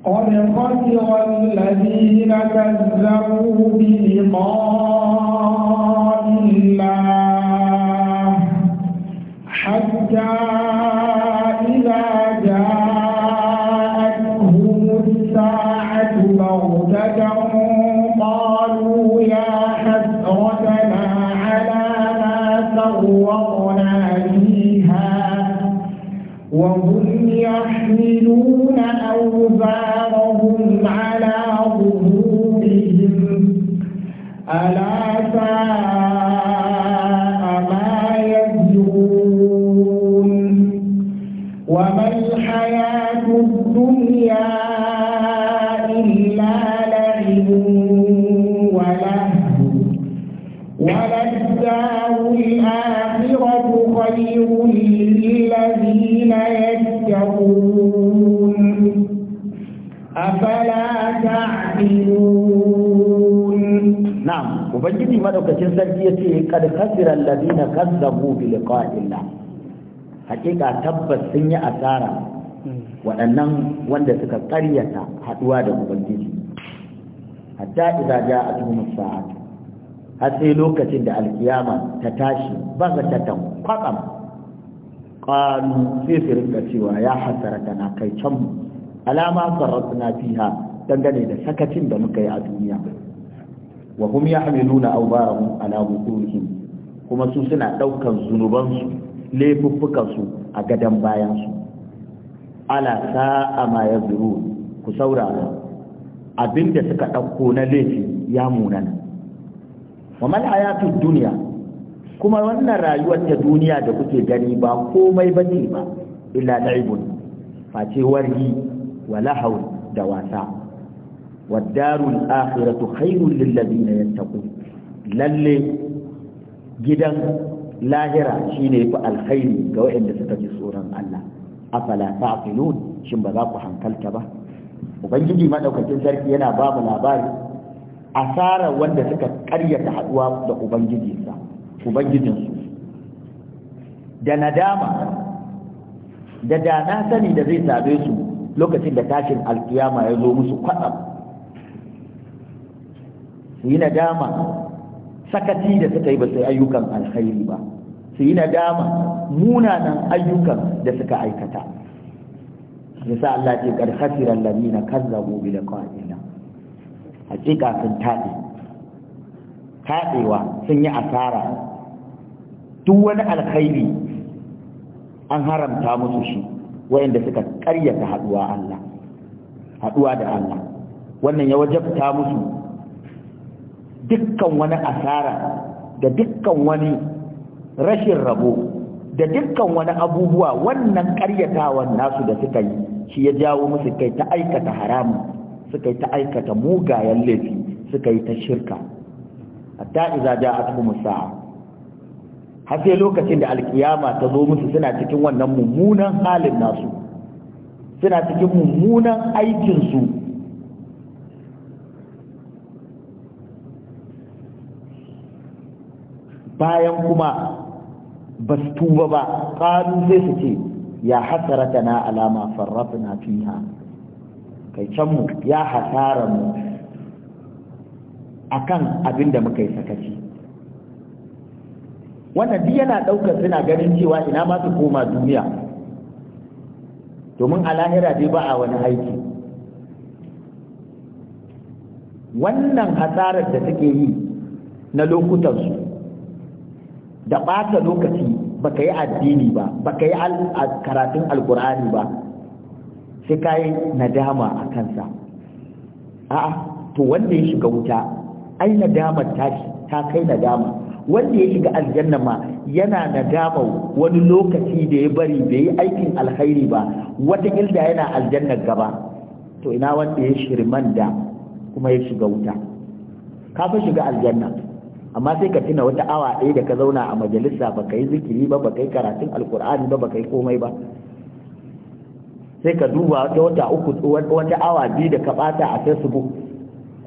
قد خسر الذين كذبوا بلقاء الله حتى kazzabu bi liqa'illah hakika tabbas sun yi asara waɗannan wanda suka ƙaryata haɗuwa da ubangiji hatta idza ja'atuhum as-sa'at har sai lokacin da alkiyama ta tashi baga ta tanqam qalu sai su rinka cewa ya hasaratana kai can alama na fiha dangane da sakacin da muka yi a duniya wa hum yahmiluna awbarahum ala wuqulihim kuma su suna ɗaukar zunubansu laifuffukansu a gadon bayansu ala sa'a ma ya zuru ku saurara abinda suka ɗauko na laifi ya munana wa mal hayatud duniya kuma wannan rayuwar ta duniya da kuke gani ba komai bace ba illa la'ibun face wargi wa lahau da wasa wad darul akhiratu khairul lil ladina yattaqun lalle gidan lahira shi ne fi alkhairi ga waɗanda suka ji tsoron Allah afala ta'qilun shin ba za ku hankalta ba ubangiji madaukakin sarki yana ba mu labari asara wanda suka karyata haduwa da ubangijinsa ubangijinsu da nadama da da na sani da zai same su lokacin da tashin alkiyama ya zo musu kwaɗam su yi nadama sakati da suka yi ba sai ayyukan alkhairi ba su yi nadama munanan ayyukan da suka aikata sa Allah ce kar khasira alladhina kazzabu bi liqa'ina hakika sun taɗe tadewa sun yi asara duk wani alkhairi an haramta musu shi wayanda suka karyata haduwa Allah haduwa da Allah wannan ya wajabta musu dukkan wani asara da dukkan wani rashin rabo da dukkan wani abubuwa wannan karyatawan nasu da suka yi shi ya jawo musu kai ta aikata haramu, suka yi ta aikata mugayen laifi suka yi ta shirka hatta iza ja a sa'a har sai lokacin da alkiyama ta zo musu suna cikin wannan mummunan halin nasu suna cikin mummunan aikinsu bayan kuma ba su tuba ba ƙalu sai su ce ya ta na alama farrafina fiha kai canmu ya hasara mu akan abin da muka yi sakaci wannan duk yana ɗaukar suna ganin cewa ina ma su koma duniya domin a lahira dai ba a wani aiki wannan hasarar da suke yi na lokutansu da ɓata lokaci baka yi addini ba baka yi karatun alkur'ani ba sai ka yi nadama a kansa a'a to wanda ya shiga wuta ai nadamar tashi ta kai nadama wanda ya shiga aljanna ma yana nadama wani lokaci da ya bari bai yi aikin alkhairi ba wata ilda yana aljanna gaba to ina wanda ya shirman da kuma ya shiga wuta ka fa shiga aljanna amma sai ka tuna wata awa ɗaya da ka zauna a majalisa ba ka yi zikiri ba ba ka yi karatun alkur'ani ba ba ka yi komai ba sai ka duba wata wata uku wata awa biyu da ka bata a facebook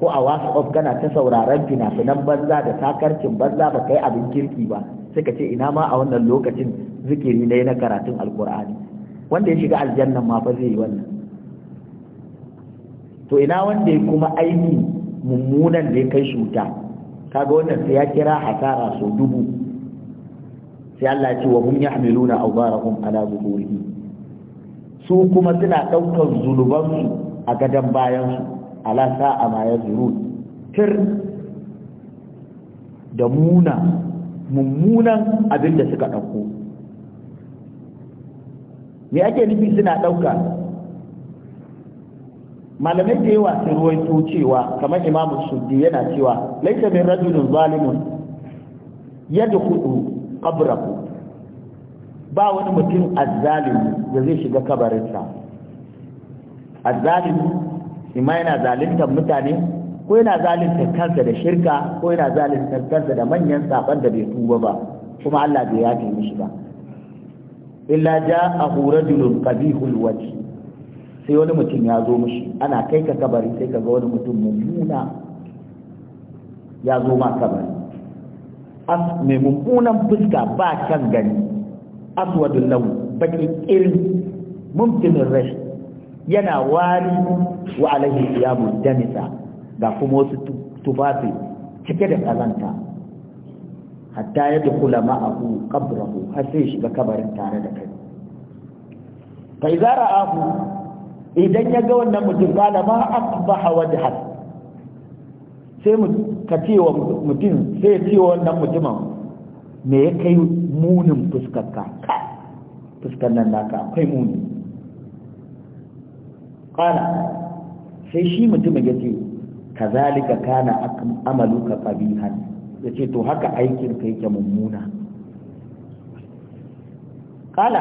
ko a whatsapp kana ta sauraron fina-finan banza da takarcin banza ba ka yi abin kirki ba sai ka ce ina ma a wannan lokacin zikiri ne na karatun alkur'ani wanda ya shiga aljannan ma fa zai yi wannan to ina wanda ya kuma aiki mummunan da ya kai shuta kaga wannan sai ya kira hasara sau dubu sai Allah ya ce wa hum yahmiluna awzarahum ala zuhurihim su kuma suna daukar su a gadan bayan su ala sa'a ma yazurun tir da muna mummunan abin da suka dauko me ake nufi suna ɗauka? malamai da yawa sun ruwaito cewa kamar imamu suddi yana cewa laisa min rajulun zalimun yadkhulu qabrahu ba wani mutum azzalimi da zai shiga kabarinsa azzalimi ima yana zaluntar mutane ko yana zaluntar kansa da shirka ko yana zaluntar kansa da manyan saban da bai tuba ba kuma Allah bai yafe mishi ba illa ja'ahu rajulun qabihul wajh sai wani mutum ya zo mushi ana kai ka kabari sai ka ga wani mutum mummuna ya zo ma kabari as mai mummunan fuska ba kan gani aswadun lau baki irin mumkinin rashi yana wari wa alaihi siyamu damisa ga kuma wasu tufafi cike da kazanta hatta ya dukula ma'ahu kabrahu har sai shiga kabarin tare da kai fa idza idan ya ga wannan mutum kala ma asbaha wajhak sai mu ka ce wa mutum sai ce wa wannan mutumin me ya kai munin fuskar ka fuskar nan naka akwai muni kala sai shi mutumin ya ce kazalika kana amaluka qabihan yace to haka aikin ka yake mummuna kala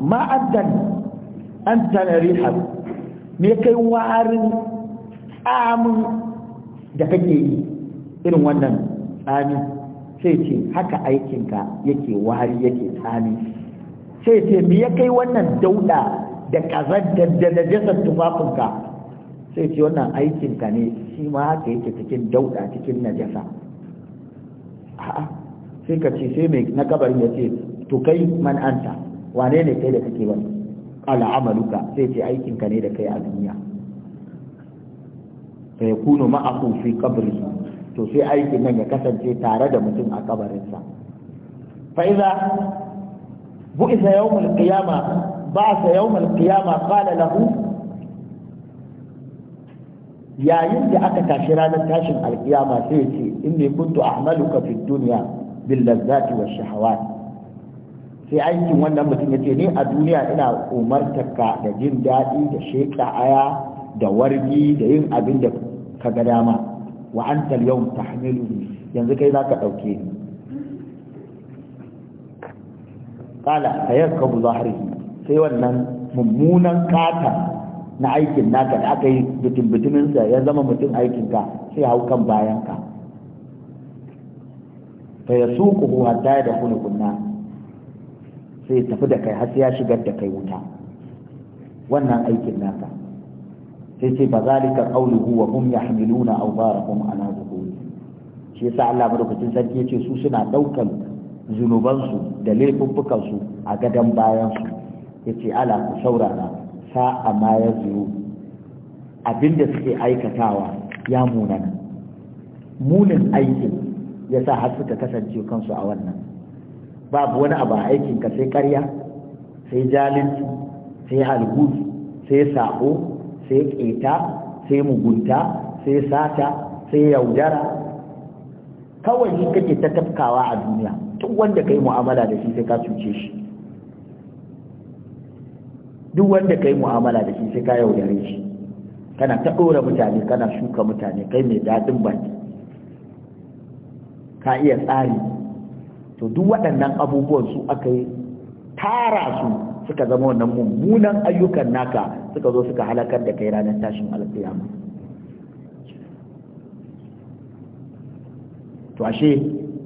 ma'addan an an rihar. me kai warin tsamin da kake yi irin wannan tsami sai ce haka aikinka yake wari yake tsami sai ce me ya kai wannan dauda da kazar da najasar tufafinka sai ce wannan aikinka ne shi ma haka yake cikin dauda cikin najasa a'a sai ka ce sai mai na kabarin ya ce to kai man wane ne kai da kake wani al'amaluka amaluka sai ce aikinka ne da kai a duniya fa yakunu ma'ahu fi qabri to sai aikin nan ya kasance tare da mutum a kabarinsa fa idza bu'itha yawm al-qiyamah ba'atha yawm al-qiyamah qala lahu yayin da aka tashi ranar tashin alkiyama sai ce inni kuntu ahmaluka fid dunya bil lazzati wash shahawat sai aikin wannan mutum ya ce ni a duniya ina umartaka da jin daɗi da sheƙa aya da wargi da yin abin da ka ga dama wa an yau ta yanzu kai za ka ɗauke ni ƙala ka yanka bu sai wannan mummunan kata na aikin naka da aka yi bitin-bitininsa ya zama mutum aikinka sai hau kan bayanka fa ya suku hatta ya da kunna sai ya tafi da kai har sai ya shigar da kai wuta wannan aikin naka sai ce ba zalika qawluhu wa hum yahmiluna awbarakum ala zuhuri shi yasa Allah madaukakin sarki yace su suna daukan zunubansu da su a gadon bayansu yace ala ku saurara sa'a ma ya zuru abinda suke aikatawa ya munana munin aikin yasa har suka kasance kansu a wannan babu wani abu a aikin ka sai ƙarya sai jalinci sai halguzi sai sabo sai ƙeta sai mugunta sai sata sai yaudara kawai shi kake ta tafkawa a duniya duk wanda kai mu'amala da shi sai ka cuce shi duk wanda kai mu'amala da shi sai ka yaudare shi kana ta ɗora mutane kana shuka mutane kai mai daɗin baki ka iya tsari to duk waɗannan abubuwan su aka yi tara su suka zama wannan mummunan ayyukan naka suka zo suka halakar da kai ranar tashin alƙiyama to ashe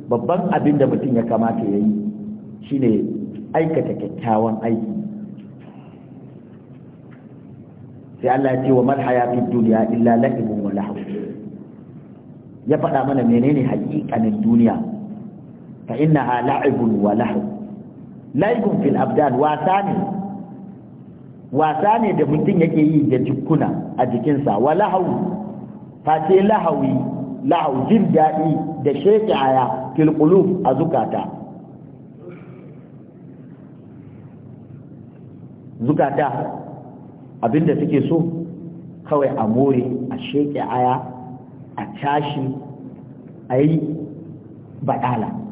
babban abin da mutum ya kamata ya yi shine aikata kyakkyawan aiki sai Allah ya ce wa mal hayatid dunya illa la'ibun wa lahu ya faɗa mana menene haƙiƙanin duniya fa innaha la'ibun wa lahu la'ibun fil abdan wasa ne wasa ne da mutum yake yi da jikuna a jikinsa wa lahu fa ce lahawi lahu jin daɗi da sheke aya fil qulub a zukata zukata abinda suke so kawai a more a sheke aya a tashi a yi baɗala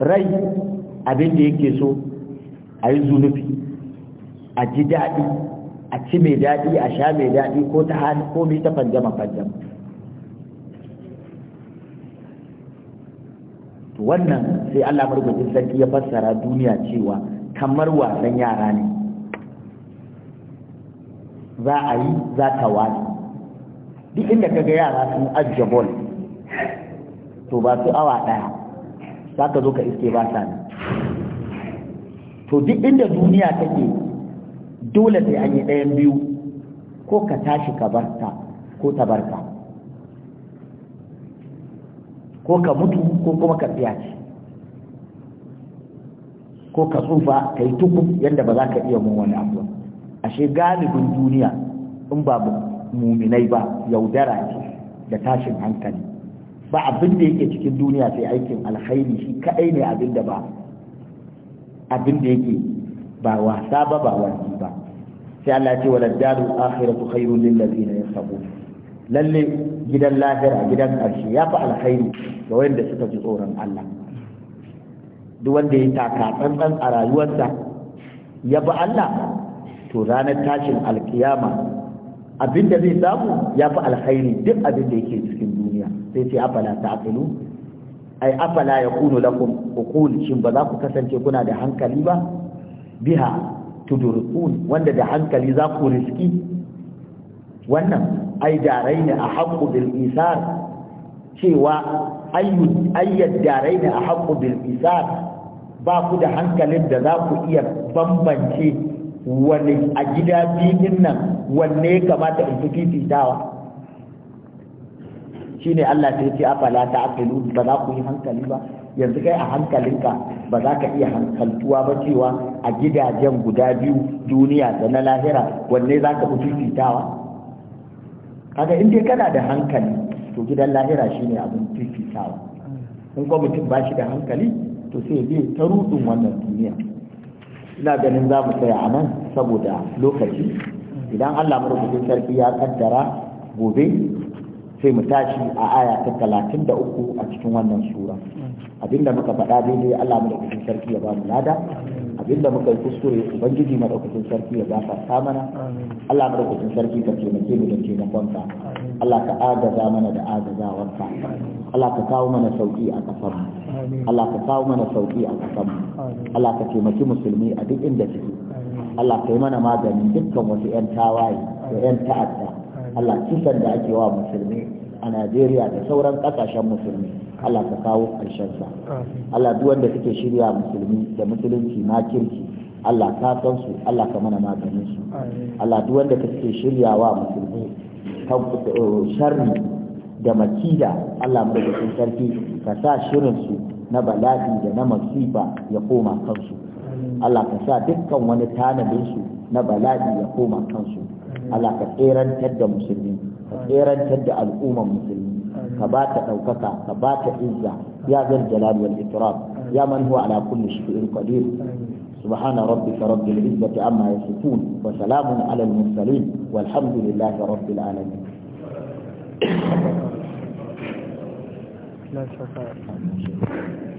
rai abin da yake so a yi zunubi a ji daɗi a ci mai daɗi a sha mai daɗi ko ta hali ko mai ta fanjama fanjama wannan sai Allah marubutun sarki ya fassara duniya cewa kamar wasan yara ne za a yi za ta wani duk inda kaga yara sun ajiye bol to ba su awa ɗaya za ka zo ka iske ba ta ne to duk inda duniya take dole sai an yi ɗayan biyu ko ka tashi ka bar ta ko ta bar ta, ko ka mutu ko kuma ka tsiyaci ko ka tsufa ka yi tukun yadda ba za ka iya mun wani abu ashe galibin duniya in ba muminai ba yaudara ce da tashin hankali ba abin da yake cikin duniya sai aikin alkhairi shi kaɗai ne abin da ba abin da yake ba wasa ba ba wasi ba sai Allah ce wala daru akhiratu khairun lil ladina yattaqun lalle gidan lahira gidan ƙarshe ya fi alkhairi ga wanda suka ji tsoron Allah duk wanda ya taka tsantsan a rayuwarsa ya bi Allah to ranar tashin alkiyama abin da zai samu ya fi alkhairi duk abin da yake cikin duniya sai ce afala ta ta'qilu ai afala ya yakunu lakum uqul shin ba za ku kasance kuna da hankali ba biha tudurqun wanda da hankali za ku riski wannan ai darai ne a haƙƙu bil isar cewa ayyad darai ne a haƙƙu bil isar ba ku da hankalin da za ku iya bambance wani a gida biyun nan wanne ya kamata in fi fifitawa shi ne Allah sai ce afala ta aqilu ba za ku yi hankali ba yanzu kai a hankalinka ba za ka iya hankaltuwa ba cewa a gidajen guda biyu duniya da na lahira wanne za ka fi fifitawa kaga in dai kana da hankali to gidan lahira shi ne abin fifitawa in kuma mutum ba shi da hankali to sai ya ta rudin wannan duniya ina ganin za mu tsaya a nan saboda lokaci idan Allah marubutun sarki ya kaddara gobe sai mu tashi a aya ta talatin da uku a cikin wannan sura abinda muka faɗa daidai Allah madaukakin sarki ya ba mu lada abinda muka yi kuskure ubangiji madaukakin sarki ya ba gafarta mana Allah madaukakin sarki ka taimake mu da taimakonka Allah ka agaza mana da agazawarka Allah ka kawo mana sauki a kasar mu Allah ka kawo mana sauki a kasar mu Allah ka taimaki musulmi a duk inda suke Allah ka yi mana maganin dukkan wasu 'yan tawaye da 'yan ta'adda Allah kisan da ake wa musulmi a Najeriya da sauran kasashen musulmi Allah ka kawo ƙarshensa Allah duk wanda suke shirya musulmi da musulunci ma Allah ka san su Allah ka mana maganin su Allah duk wanda suke shirya wa musulmi sharri da makida Allah madaukakin sarki ka sa shirin su na bala'i da na masifa ya koma kansu Allah ka sa dukkan wani tanadin su na bala'i ya koma kansu Allah ka tserantar da musulmi ka tserantar da al'umman musulmi ka ba ta ɗaukaka ka ba ta izza ya zan jalal wal ikram ya man huwa ala kulli shay'in qadir subhana rabbika rabbil izzati amma yasifun wa salamun ala al mursalin walhamdulillahi rabbil alamin لا شفاء